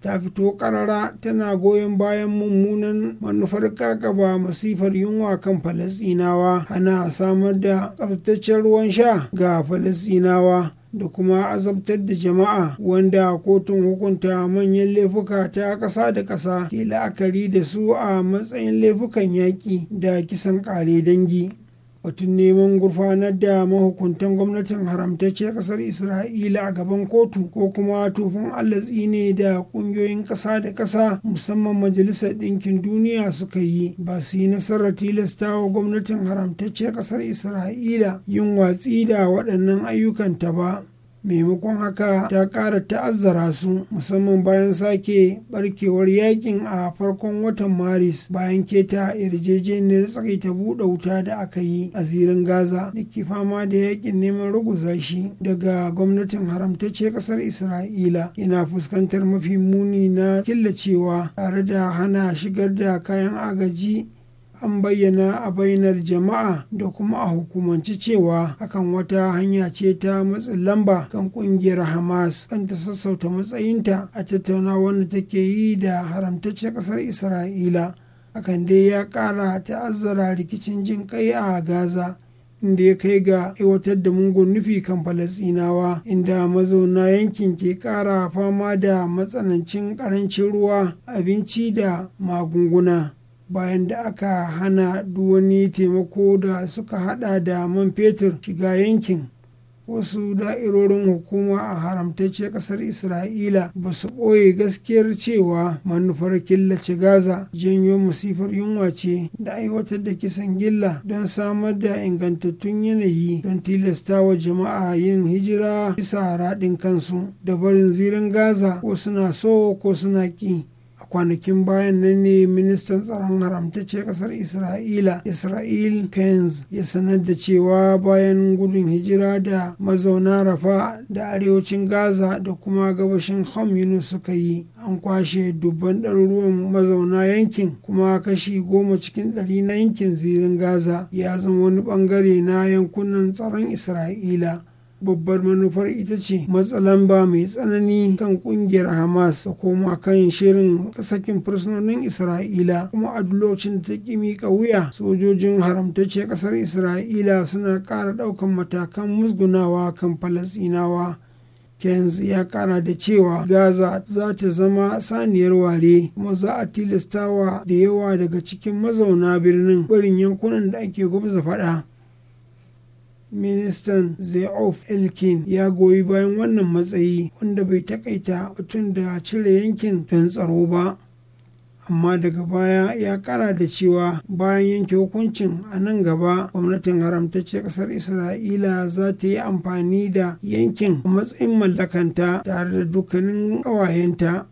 ta fito karara tana goyon bayan mummunan manufar kakaba masifar yunwa kan falasinawa ana samar da tsabtaccen ruwan sha ga falasinawa da kuma azabtar da jama'a wanda kotun hukunta manyan laifuka ta ƙasa da ƙasa ke la'akari da su a matsayin laifukan yaƙi da kisan ƙare dangi batun neman gurfanar da mahukuntan gwamnatin haramtacce kasar isra'ila a gaban kotu ko kuma tufin allatsi ne da kungiyoyin kasa da kasa musamman majalisar ɗinkin duniya suka yi ba su yi nasarar wa gwamnatin haramtacce kasar isra'ila yin watsi da waɗannan ayyukanta ba maimakon haka ta ƙara ta'azzara su musamman bayan sake barkewar yakin a farkon watan maris bayan keta yarjejeniyar ta buɗe wuta da aka yi a zirin gaza da ke fama da yakin neman ruguza shi daga gwamnatin haramtacce ƙasar isra'ila yana fuskantar mafi muni na killacewa tare da hana shigar da kayan agaji an bayyana a bainar jama'a da kuma a hukumance cewa hakan wata hanya ce ta matsin lamba kan kungiyar hamas kan ta sassauta matsayinta a tattaunawar da take yi da haramtaccen kasar isra'ila hakan dai ya kara ta'azzara rikicin jin kai a gaza inda ya kai ga aiwatar da mungun nufi kan falasinawa inda mazauna yankin ke kara fama da matsanancin karancin ruwa abinci da magunguna bayan da aka hana duwani taimako da suka hada da man fetur shiga yankin wasu da'irorin hukuma a haramtacce kasar isra'ila ba su ɓoye gaskiyar cewa manufar killace gaza janyo masifar yunwa ce da aiwatar da kisan gilla don samar da ingantattun yanayi don tilasta wa jama'a yin hijira bisa raɗin kansu da barin zirin gaza ko suna so ko suna ƙi kwanakin bayan nan ne ministan tsaron haramtacce kasar isra'ila isra'il kenz ya sanar da cewa bayan gudun hijira da mazauna rafa da arewacin gaza da kuma gabashin ham yunus suka yi an kwashe dubban ɗaruruwan mazauna yankin kuma kashi goma cikin ɗari na yankin zirin gaza ya zama wani ɓangare na yankunan tsaron isra'ila babbar manufar ita ce ba mai tsanani kan kungiyar hamas da koma kan shirin sakin fursunonin isra'ila kuma a lokacin ta kimi miƙa wuya sojojin haramtacce ƙasar isra'ila suna ƙara ɗaukan matakan musgunawa kan falasinawa Keynes ya kara da cewa Gaza za ta zama saniyar ware kuma za a tilastawa da yawa daga cikin mazauna birnin barin yankunan da ake gwamza faɗa. ministan zeof elkin ya goyi bayan wannan matsayi wanda bai takaita mutum da cire yankin don tsaro ba amma daga baya ya kara da cewa bayan yanke hukuncin a nan gaba gwamnatin haramtacce kasar isra'ila za ta yi amfani da yankin a matsayin mallakanta tare da dukkanin ƙawayenta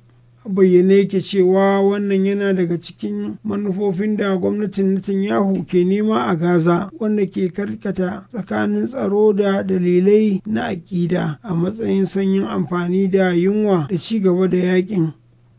bayyane ke cewa wannan yana daga cikin manufofin da gwamnatin Netanyahu ke nema a Gaza wanda ke karkata tsakanin tsaro da dalilai na aƙida a matsayin sanyin amfani da yunwa da ci gaba da yakin.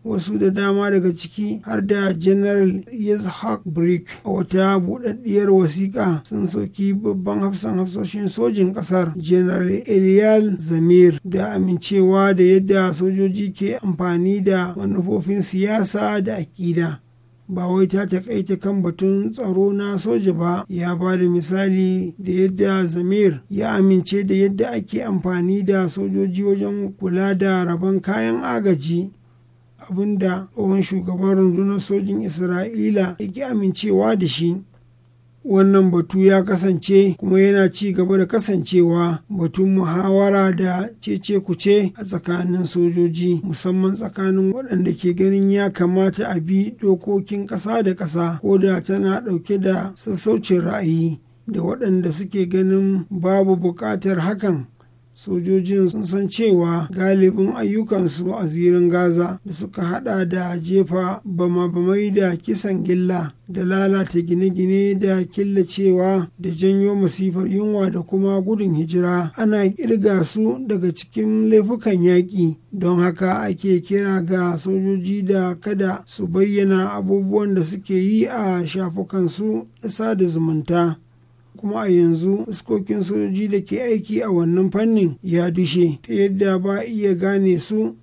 wasu da dama daga ciki har da general yitzhak brick a wata budaddiyar wasiƙa sun soki babban hafsan hafsoshin sojin ƙasar general eliyal zamir da amincewa da yadda sojoji ke amfani da manufofin siyasa da aƙida ba wai ta takaita kan batun tsaro na soja ba ya ba da misali da yadda zamir ya amince da yadda ake amfani da sojoji wajen kula da rabon kayan agaji da tsohon shugaban rundunar sojin isra'ila ya ke amincewa da shi wannan batu ya kasance kuma yana ci gaba da kasancewa batun muhawara da cece kuce a tsakanin sojoji musamman tsakanin waɗanda ke ganin ya kamata a bi dokokin ƙasa da ƙasa ko da tana ɗauke da sassaucin ra'ayi da waɗanda suke ganin babu buƙatar hakan sojojin sun san cewa galibin ayyukansu a zirin gaza da suka hada da jefa bama-bamai da kisan gilla da lalata gine-gine da killacewa da janyo masifar yunwa da kuma gudun hijira ana kirga su daga cikin laifukan yaƙi don haka ake kira ga sojoji da kada su bayyana abubuwan da suke yi a shafukansu sada zumunta kuma a yanzu fuskokin sojoji da ke aiki a wannan fannin ya dushe ta yadda ba iya gane su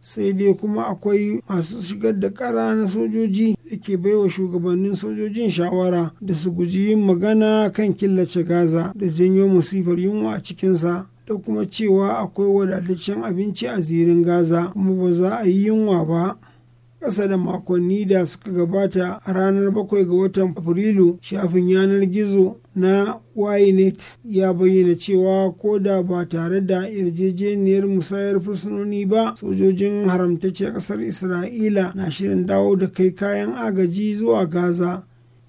sai dai kuma akwai masu shigar da kara na sojoji da ke baiwa shugabannin sojojin shawara da su guji yin magana kan killace gaza da janyo masifar yunwa a cikinsa da kuma cewa akwai wadataccen abinci a zirin gaza kuma ba za a yi yunwa ba ƙasa da makonni da suka gabata a ranar bakwai ga watan afrilu shafin yanar gizo na ynet ya bayyana cewa ko da ba tare da yarjejeniyar musayar fursunoni ba sojojin haramtacce ƙasar isra'ila na shirin dawo da kai kayan agaji zuwa gaza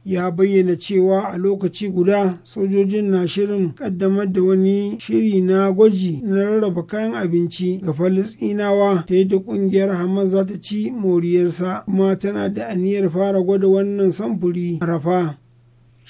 ya bayyana cewa a lokaci guda sojojin na shirin kaddamar da wani shiri na gwaji na rarraba kayan abinci ga falisdinawa ta yadda kungiyar hamas za ta ci moriyarsa kuma tana da aniyar fara gwada wannan samfuri a rafa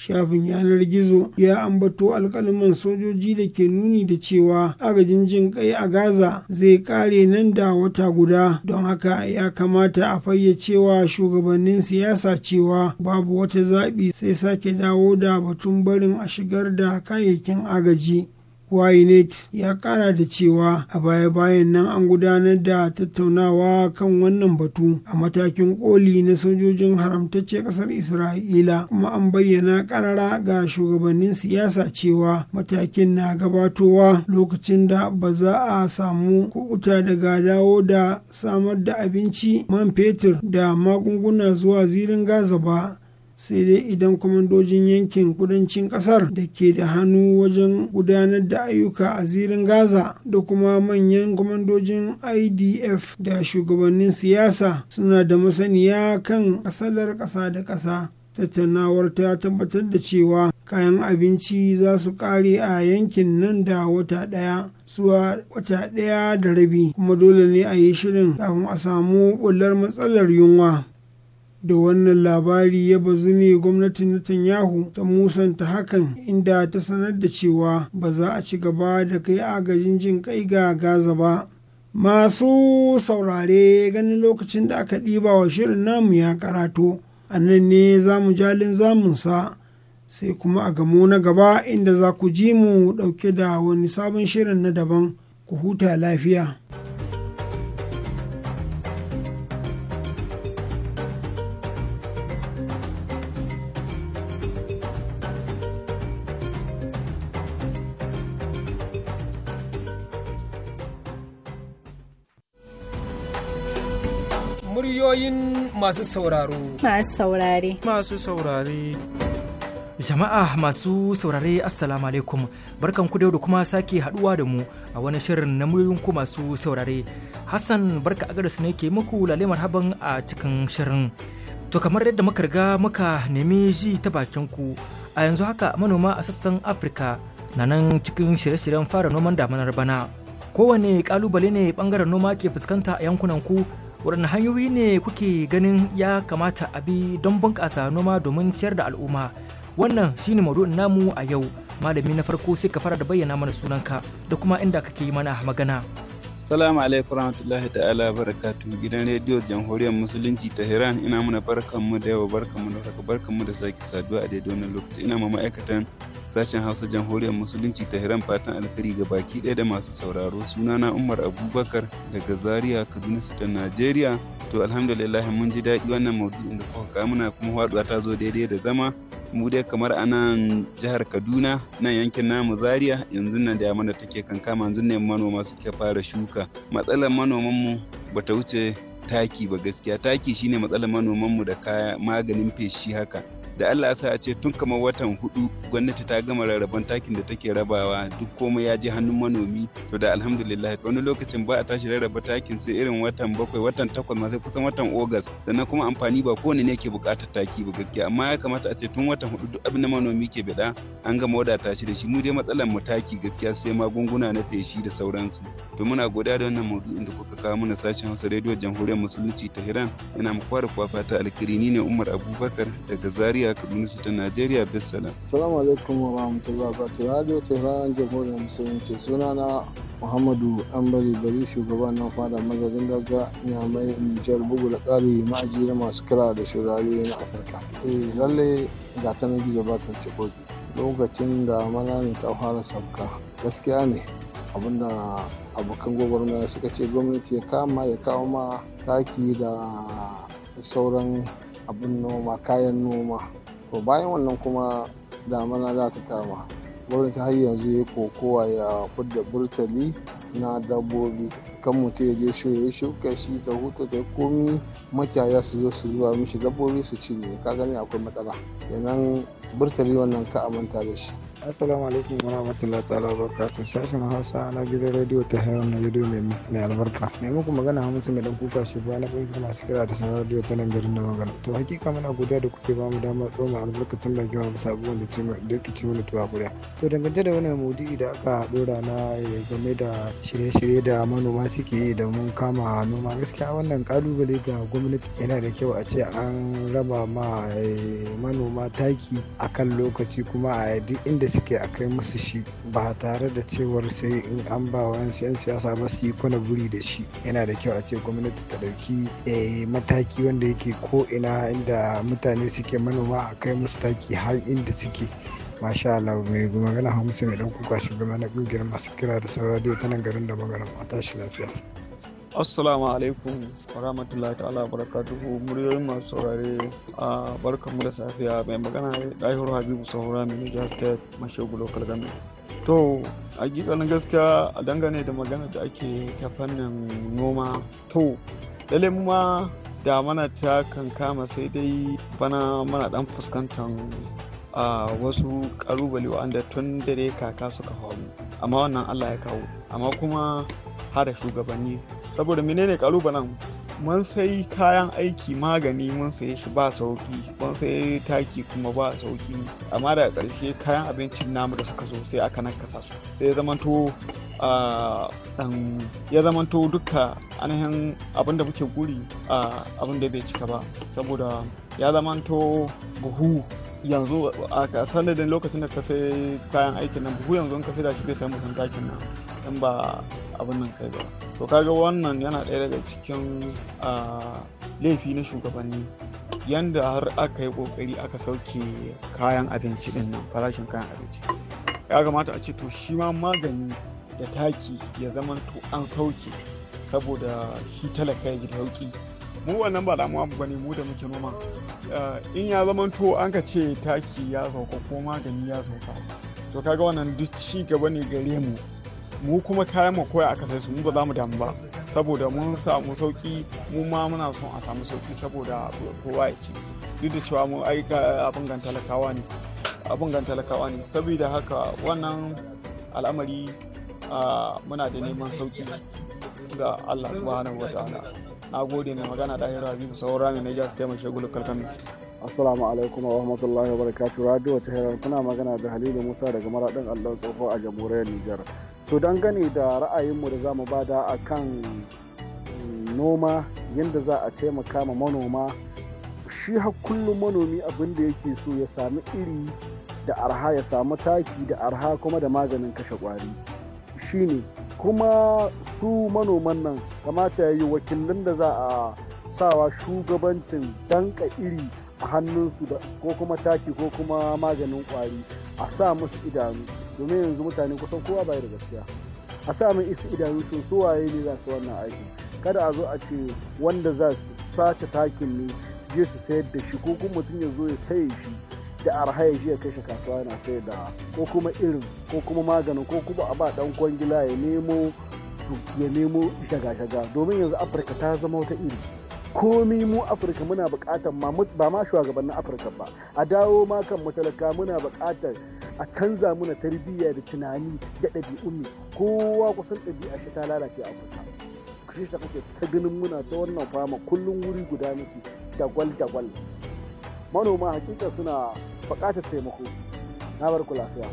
shafin yanar gizo ya ambato alkaliman sojoji da ke nuni da cewa agajin jin kai a gaza zai kare nan da wata guda don haka ya kamata a fayyacewa shugabannin siyasa cewa babu wata zaɓi sai sake dawo da batun barin a shigar da kayayyakin agaji Wynet ya kara da cewa a baya-bayan nan an gudanar da tattaunawa kan wannan batu a matakin koli na sojojin haramtacce kasar Isra'ila kuma an bayyana karara ga shugabannin siyasa cewa matakin na gabatowa lokacin da ba za a samu kukuta daga dawo da samar da abinci man fetur da magunguna zuwa zirin Gaza ba sai dai idan kwamandojin yankin kudancin kasar da ke da hannu wajen gudanar da ayyuka a zirin gaza da kuma manyan kwamandojin idf da shugabannin siyasa suna da masaniya kan kasalar kasa da kasa tattaunawar ta tabbatar da cewa kayan abinci za su kare a yankin nan da wata ɗaya zuwa wata ɗaya da rabi kuma dole ne a yi shirin kafin a samu bullar matsalar yunwa da wannan labari ya bazu ne gwamnatin Netanyahu ta musanta hakan inda ta sanar da cewa ba za a ci gaba da kai agajin jin kai ga Gaza ba. Masu saurare ganin lokacin da aka ɗiba wa shirin namu ya karatu a nan ne za mu jalin zamunsa sai kuma a gamo na gaba inda za ku ji mu ɗauke da wani sabon shirin na daban ku huta lafiya. muryoyin masu sauraro. Masu saurare. Masu saurare. Jama'a masu saurare Assalamu alaikum barkan ku da kuma sake haduwa da mu a wani shirin na muryoyin ku masu saurare. Hassan barka agaris ne ke muku lale marhaban a cikin shirin. To kamar yadda muka riga muka nemi ji ta bakin ku a yanzu haka manoma a sassan Afirka na nan cikin shirye-shiryen fara noman damanar bana. Kowane kalubale ne bangaren noma ke fuskanta a yankunan ku waɗanne hanyoyi ne kuke ganin ya kamata a bi don bunƙasa noma domin ciyar da al'umma wannan shine maudu'in namu a yau malami na farko sai ka fara da bayyana mana sunanka da kuma inda kake yi mana magana Salamu alaikum rahmatullahi ta'ala barakatu gidan rediyo jamhuriyar musulunci ta Iran ina muna barkan mu da yawa barkan mu da haka barkan da sake saduwa a daidai wannan lokaci ina ma ma'aikatan sashen Hausa Jamhuriyar Musulunci Tehran fatan alkari ga baki ɗaya da masu sauraro sunana Umar Abubakar daga Zaria Kaduna ta Najeriya. To alhamdulillah mun ji daɗi wannan maudu'in da kuka muna kuma haɗuwa ta zo daidai da zama. Mu dai kamar a nan jihar Kaduna nan yankin namu Zaria yanzu nan da mana take kankama yanzu ne manoma suke fara shuka. Matsalar manoman mu bata wuce taki ba gaskiya taki shine matsalar manoman mu da kaya maganin feshi haka. da Allah ya sa a ce tun kamar watan hudu gwamnati ta gama rarraban takin da take rabawa duk komai ya je hannun manomi to da alhamdulillah wani lokacin ba a tashi rarraba takin sai irin watan bakwai watan takwas ma sai kusan watan ogas sannan kuma amfani ba kowane ne ke bukatar taki ba gaskiya amma ya kamata a ce tun watan hudu duk abin da manomi ke bida an gama wadata shi da shi mu dai matsalar mu taki gaskiya sai magunguna na feshi da sauransu to muna godiya da wannan maudu'in da kuka kawo mana sashen Hausa rediyo Jamhuriyar Musulunci ta Hiran ina muku fara fata alkirini ne Umar Abubakar daga Zaria Zaria Kaduna City Najeriya Bissalam. Assalamu alaikum wa rahmatullahi wa barakatuh. Jamhuriyar Musulunci sunana Muhammadu Ambali Bari shugaban nan fada mazajin daga Nyamai Nijar bugu da ƙari ma'aji na masu kira da shirare na Afirka. Eh lalle ga ta na gabatar cikoki lokacin da mana ne ta fara sabka gaskiya ne abinda abokan gwagwarmaya suka ce gwamnati ya kama ya kawo ma taki da sauran abin noma kayan noma to bayan wannan kuma damana za ta kama gwamnati har yanzu ya kokowa ya fudda burtali na dabbobi kan mutum ya je shoye shuka shi ta huta ta komi makiyaya su zo su zuwa mishi dabbobi su cinye ka gani akwai matsala kenan burtali wannan ka amanta da shi Assalamu alaikum wa rahmatullahi ta'ala wa barakatuh. Sashen Hausa na gidan radio ta hayar na radio mai albarka. Mai muku magana Hamisu mai dan kuka shi ba na kungiyar masu kira da sanar radio ta nan garin na magana. To hakika muna godiya da kuke ba mu damar tsoma albarkacin baki wa bisa abubuwan da da ci mana tuwa guda. To dangance da wannan maudu'i da aka dora na eh, game da shirye-shirye da manoma suke yi da mun kama noma gaskiya wannan kalubale ga gwamnati yana da kyau a ce an raba ma eh, manoma taki akan lokaci kuma a duk inda suke a kai musu shi ba tare da cewar sai in an ba wa 'yan siyasa ba su yi kwana guri da shi yana da kyau a ce gwamnati ta ɗauki eh, mataki wanda yake ko ina inda mutane suke manoma a kai musu taki har inda suke masha Allah mai magana hamsin mai dan kuka shugaba na kungiyar masu kira da sauran radio ta nan garin da magana a tashi lafiya Assalamu alaikum warahmatullahi ta'ala barakatuhu muryoyin masu saurare a barkanmu da safiya mai magana ɗahiru habibu sahura mai niger state mashegu local government to a gikalin gaskiya a dangane da magana da ake ta fannin noma to lalle ma da mana ta kankama sai dai bana mana dan fuskantar a wasu ƙalubale wa'anda tun dare kaka suka faru amma wannan allah ya kawo amma kuma hada shugabanni saboda menene kalubalen mun sai kayan aiki magani mun saye shi ba sauki mun sai taki kuma ba sauki amma daga ƙarshe kayan abincin namu da suka zo sai aka nakasa su sai ya zamanto ya zamanto duka ainihin abin da muke guri abin da bai cika ba saboda ya zamanto buhu yanzu a sanadin lokacin da ka sai kayan aikin nan buhu yanzu in ka sai da shi bai samu takin nan in ba abin nan kai ba to kaga wannan yana ɗaya daga cikin laifi na shugabanni yanda har aka yi kokari aka sauke kayan abinci din nan farashin kayan abinci ya kamata a ce to shi ma magani da taki ya zama to an sauke saboda shi talaka ya ji sauki mu wannan ba damuwa ba ne mu da muke noma in ya zama to an ka ce taki ya sauka ko magani ya sauka to kaga wannan duk ci gaba ne gare mu mu kuma kayan mu koya aka sai su mu ba za mu damu ba saboda mun samu sauki mu ma muna son a samu sauki saboda kowa ya ci duk da cewa mu aika abin gan talakawa ne abin gan talakawa ne saboda haka wannan al'amari muna da neman sauki ga Allah subhanahu wataala na gode mai magana da hira biyu sauran ne na jasa mai shagulu kami Assalamu alaikum wa rahmatullahi wa barakatuh. Radio ta kuna magana da Halilu Musa daga Maradin Allah Tsofo a jamhuriyar Nijar. to dangane da ra'ayinmu da za mu bada a kan mm, noma yadda za a taimaka ma manoma shi har kullum manomi abin da yake so ya sami iri da arha ya sami taki da arha kuma da maganin kashe kwari shine kuma su manoman nan kamata ya yi wakilin da za a sawa shugabancin danka iri a hannunsu ko kuma taki ko kuma maganin kwari a sa musu idanu domin yanzu mutane kusan kowa bai da gaskiya a sa mai isu idanu su su waye ne za su wannan aiki kada a zo a ce wanda za su sace takin ne je su sayar da shi ko kuma mutum ya zo ya saye shi da arha ya ya kashe kasuwa yana sayar da ko kuma irin ko kuma maganin ko kuma a ba dan kwangila ya nemo ya nemo shaga-shaga domin yanzu afirka ta zama wata iri komi mu afirka muna bukatar ba ma shugabannin afirka ba a dawo ma kan matalaka muna bukatar a canza muna tarbiyya da tunani da ɗabi'un kowa kusan ɗabi'a shi ta lalace a kusa shi ta kake ta ganin muna ta wannan fama kullum wuri guda nufi dagwal dagwal manoma hakika suna bukatar taimako na bar ku lafiya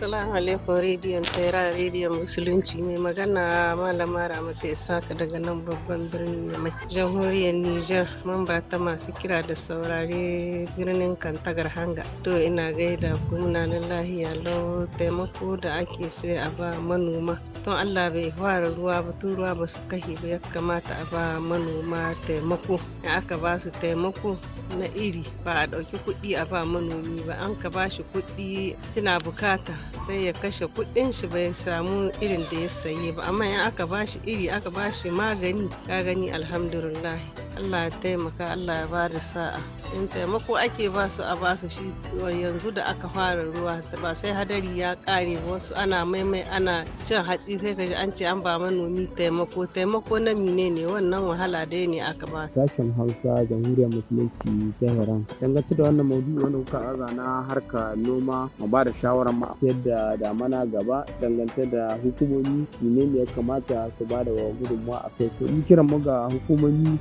Assalamu alaikum rediyon tsera rediyon musulunci mai magana malama ramata isaka daga nan babban birnin yamai jamhuriyar Nijar mamba ta masu kira da saurare birnin kantagar hanga to ina gaida gunanan lahiya lau taimako da ake sai a ba manoma Tun Allah bai fara ruwa ba tun ruwa ba su kashe ba ya kamata a ba manoma taimako in aka ba su taimako na iri ba a ɗauki kuɗi a ba manomi ba an ka ba shi kuɗi suna bukata sai ya kashe kuɗin shi bai samu irin da ya saye ba amma in aka bashi iri aka bashi magani ka gani alhamdulillah Allah ya taimaka Allah ya ba da sa'a in taimako ake ba su a ba su shi yanzu da aka fara ruwa ba sai hadari ya kare wasu ana maimai ana cin hatsi sai ka ji an ce an ba manomi taimako taimako na mine ne wannan wahala dai ne aka ba sashen hausa jamhuriyar musulunci tehran dangance da wannan maudu'i wanda kuka aza na harka noma mu ba da shawarar ma da damana gaba dangance da hukumomi mine ne ya kamata su ba da gudunmawa a kai kiran mu ga hukumomi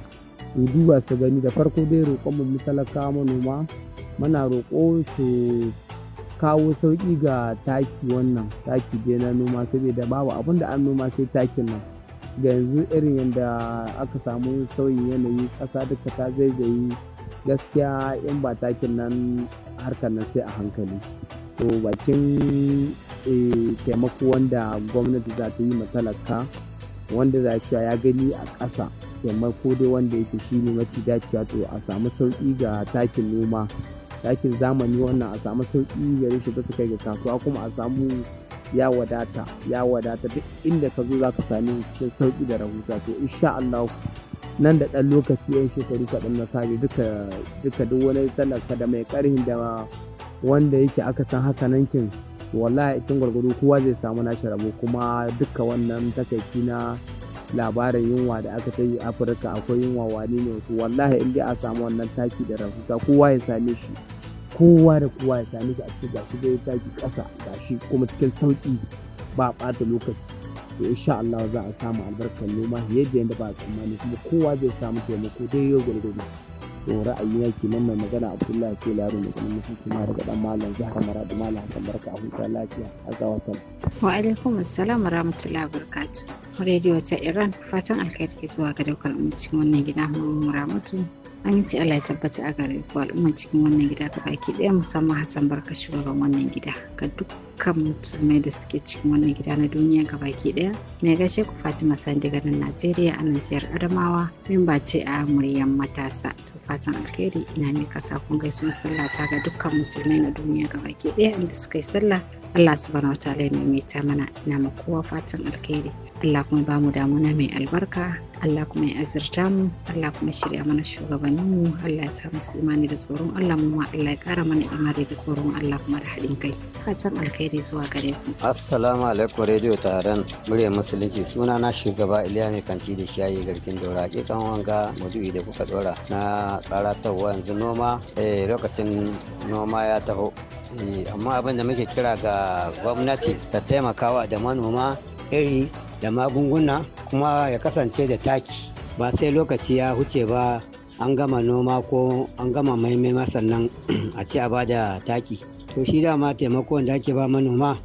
su duba su gani da farko dai roƙon mu talakawa manoma muna roƙo su kawo sauƙi ga taki wannan taki dai na noma saboda babu abin da an noma sai takin nan ga yanzu irin yadda aka samu sauyin yanayi ƙasa duka ta zaizaye gaskiya in ba takin nan harkar nan sai a hankali to bakin eh, taimako wanda gwamnati za ta yi ma talaka wanda za cewa ya gani a ƙasa yamma ko dai wanda yake shi ne mafi dacewa to a samu sauƙi ga takin noma takin zamani wannan a samu sauƙi rashin da suka kai ga kasuwa kuma a samu ya wadata ya wadata duk inda ka zo zaka sami cikin sauƙi da rahusa to insha Allah nan da ɗan lokaci yan shekaru kaɗan na kare duka duka duk wani talaka da mai ƙarfin da wanda yake aka san haka nan kin wallahi tun gwargwado kowa zai samu nashi rabo kuma duka wannan takaici na labarin yunwa da aka ta yi afirka akwai yunwa wani ne wallahi in dai a samu wannan taki da rafusa kowa ya same shi kowa da kowa ya same shi a cikin gashi zai taki ƙasa gashi kuma cikin sauƙi ba a ɓata lokaci to insha Allah za a samu albarkar noma yadda yadda ba a tsammani kuma kowa zai samu taimako dai yau gwargwado Eh, ra'ayi na kenan mai magana abdullahi ke laro mai ganin mutunci na daga dan malam jihar maradu malam hassan barka a huta lafiya a ga wasan. wa alaikum assalam wa rahmatullahi wa barakatuh rediyo ta iran fatan alkhairi ke zuwa ga dukkan cikin wannan gida mu ramatu aminci Allah ya tabbata a gare ku al'umma cikin wannan gida ka baki ɗaya musamman Hassan Barka shugaban wannan gida ga duk dukkan musulmai da suke cikin wannan gida na duniya ga baki daya mai gaishe ku fatima sandi garin najeriya a najeriyar adamawa memba ce a muryan matasa to fatan alheri ina mai kasa kun gaisuwar sallah ta ga dukkan musulmai na duniya ga baki daya inda suka yi sallah Allah subhanahu wataala mai maimaita mana ina mu kowa fatan alkhairi Allah kuma ba mu damuna mai albarka Allah kuma ya azurta mu Allah kuma shirya mana shugabannin mu Allah ya sa musu imani da tsoron Allah mu ma Allah ya kara mana imani da tsoron Allah kuma da haɗin kai fatan alkhairi zuwa gare ku Assalamu alaikum radio taron murya musulunci suna na shugaba Iliya ne kanti da shayi garkin daura ke kan wanga maudu'i da kuka dora na ta yanzu noma eh lokacin noma ya taho Eh, amma abin da muke kira ga gwamnati ta taimakawa da manoma iri da magunguna kuma ya kasance da taki ba sai lokaci ya huce ba an gama noma ko an gama maimai sannan a ce a ba da taki to shi dama taimako da ake ba manoma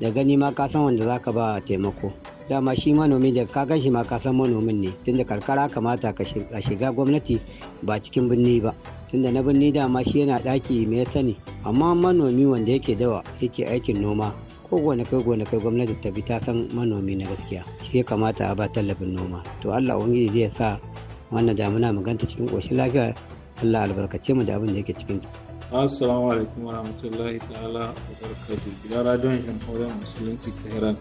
da gani ma ka san wanda ka ba taimako dama shi manomi da ka gan shi ma ka san manomin ne tunda karkara kamata a shiga gwamnati ba cikin birni ba tunda na birni dama shi yana ɗaki mai ya sani amma manomi wanda yake dawa yake aikin noma ko kai gona kai gwamnati ta bi ta san manomi na gaskiya shi ya kamata a ba tallafin noma to Allah ubangiji zai sa wannan damuna mu ganta cikin ƙoshin lafiya Allah albarkace mu da abin da yake cikin assalamu alaikum warahmatullahi ta'ala wa barakatuh gidan radiyon auren musulunci ta tehran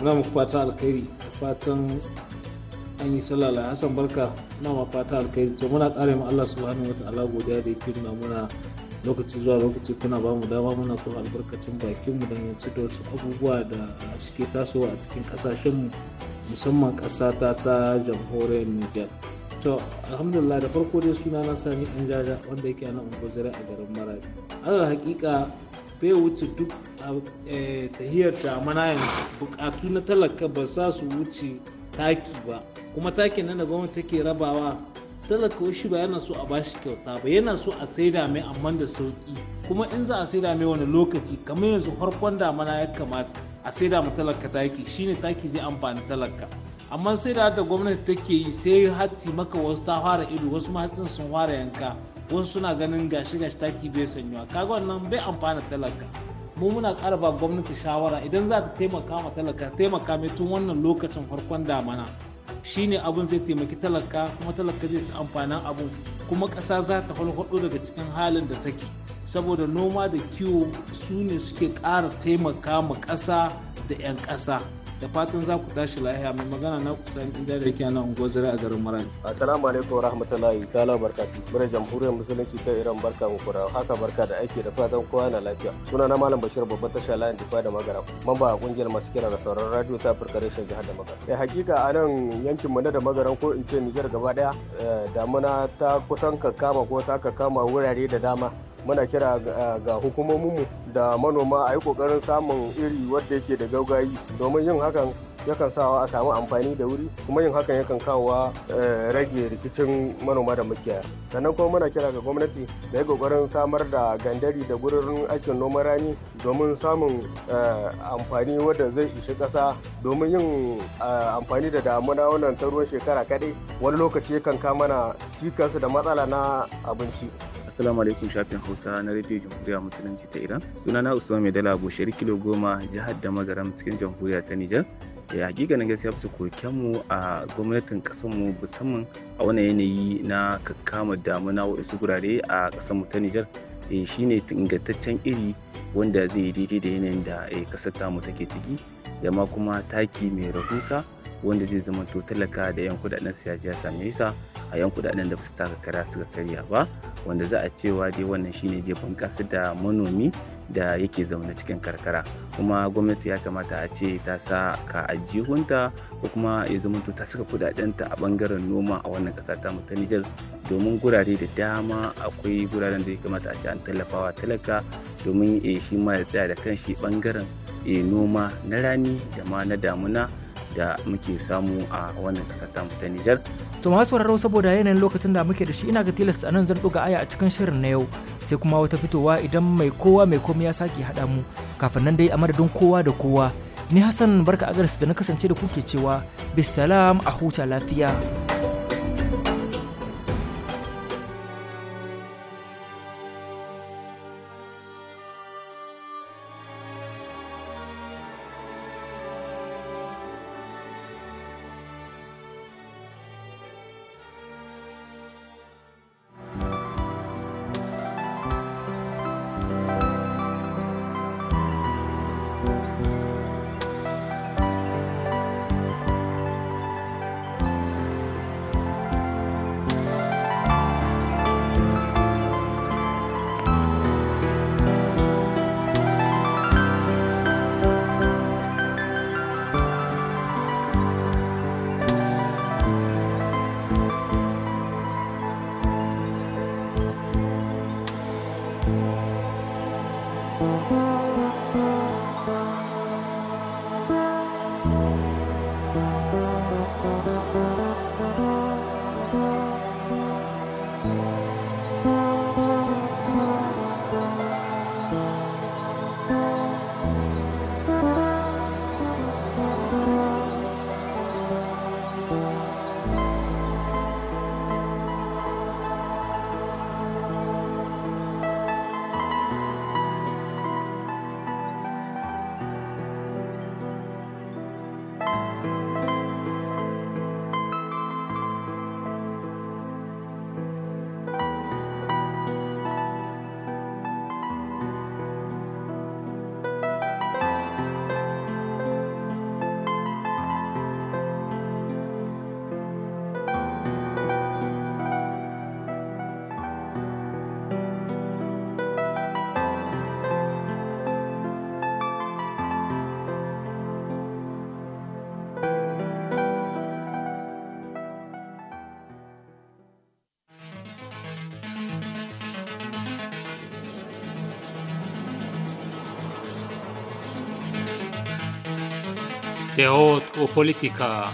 ana muku fatan alkhairi fatan an yi sallah hasan barka na ma fata alkhairi to muna kare mu Allah subhanahu ta'ala godiya da yake nuna muna lokaci zuwa lokaci kuna ba mu dama muna kuma albarkacin bakin mu dangance da wasu abubuwa da suke tasowa a cikin kasashen mu musamman kasata ta jamhuriyar Niger to alhamdulillah da farko dai suna na sani an jaja wanda yake a nan ungozare a garin Maradi Allah hakika bai wuce duk eh, tahiyar ta mana yanzu bukatu na talaka ba sa su wuce taki ba kuma takin nan da gwamnati take rabawa talaka shi ba yana so a bashi kyauta ba yana so a saida mai amma da sauki kuma in za a saida mai wani lokaci kamar yanzu farkon damana ya kamata a saida ma talaka taki shine taki zai amfani talaka amma sai da da gwamnati take yi sai hatti maka wasu ta fara ido wasu mahatsin sun fara yanka wasu suna ganin gashi gashi taki bai sanyuwa kaga wannan bai amfana talaka mu muna ƙara ba gwamnati shawara idan za ta taimaka ma talaka taimaka mai tun wannan lokacin farkon damana shine abin zai taimaki talaka kuma talaka zai ci amfanin abun kuma ƙasa za ta hulhudu daga cikin halin da take saboda noma da kiwo su ne suke ƙara taimaka ma ƙasa da 'yan ƙasa da fatan za ku tashi lahiya mai magana na kusan inda da ke nan a garin Maran. assalamu alaikum rahmatullahi ta'ala barkatu mura jamhuriyar musulunci ta iran barka mu kura haka barka da ake da fatan kowa na lafiya suna na malam bashir babban tasha layin difa da magana. mamba a kungiyar masu kira da sauran radio ta afirka reshen jihar da magana. eh hakika a nan yankin mu na da magaran ko in ce Niger gaba daya eh, damuna ta kusan kakkama ko ta kakkama wurare da dama muna kira ga hukumomin mu da manoma a yi kokarin samun iri wadda yake da gaugayi domin yin hakan yakan sawa a samu amfani da wuri kuma yin hakan yakan kawowa eh, rage rikicin manoma da makiyaya sannan kuma muna kira ga gwamnati da yi kokarin samar da gandari da gurin aikin noman rani domin samun eh, amfani wadda zai ishi ƙasa domin yin eh, amfani da damuna wannan ta ruwan shekara kaɗai wani lokaci yakan kama na cikas da matsala na abinci Assalamu alaikum shafin Hausa na Radio Jamhuriya Musulunci ta Iran. Sunana Usman dala bushir kilo goma jihar da magaram cikin Jamhuriya ta Nijar. da eh, hakika na gaskiya koken mu a gwamnatin kasanmu musamman a wani yanayi na kakkama damuna waɗansu gurare a mu ta Nijar. Eh, shine ingantaccen iri wanda zai daidai da yanayin da kasar eh, mu take ciki da ma kuma taki mai rahusa wanda zai zama to talaka da yan kudaden siyasa mai sa a yan kudaden da basu taka kara suka karya ba wanda za a cewa dai wannan shine zai bunƙasa da manomi da yake zaune cikin karkara kuma gwamnati ya kamata a ce ta sa ka ajihunta ko kuma ya zamanto ta saka kudadenta a bangaren noma a wannan kasa ta ta Nijar domin gurare da dama akwai guraren da ya kamata a ce an tallafawa talaka domin eh, shi ma ya tsaya da kanshi bangaren eh, noma na rani da ma na damuna da muke samu a wannan ƙasar ta ta Nijar. To masu sauraro saboda yanayin lokacin da muke da shi ina ga tilasta a nan zan ɗuga aya a cikin shirin na yau sai kuma wata fitowa idan mai kowa mai komai ya sake haɗa mu kafin nan dai a madadin kowa da kowa. Ni Hassan barka agarsu da na kasance da kuke cewa bisalam a huta lafiya. דעות ופוליטיקה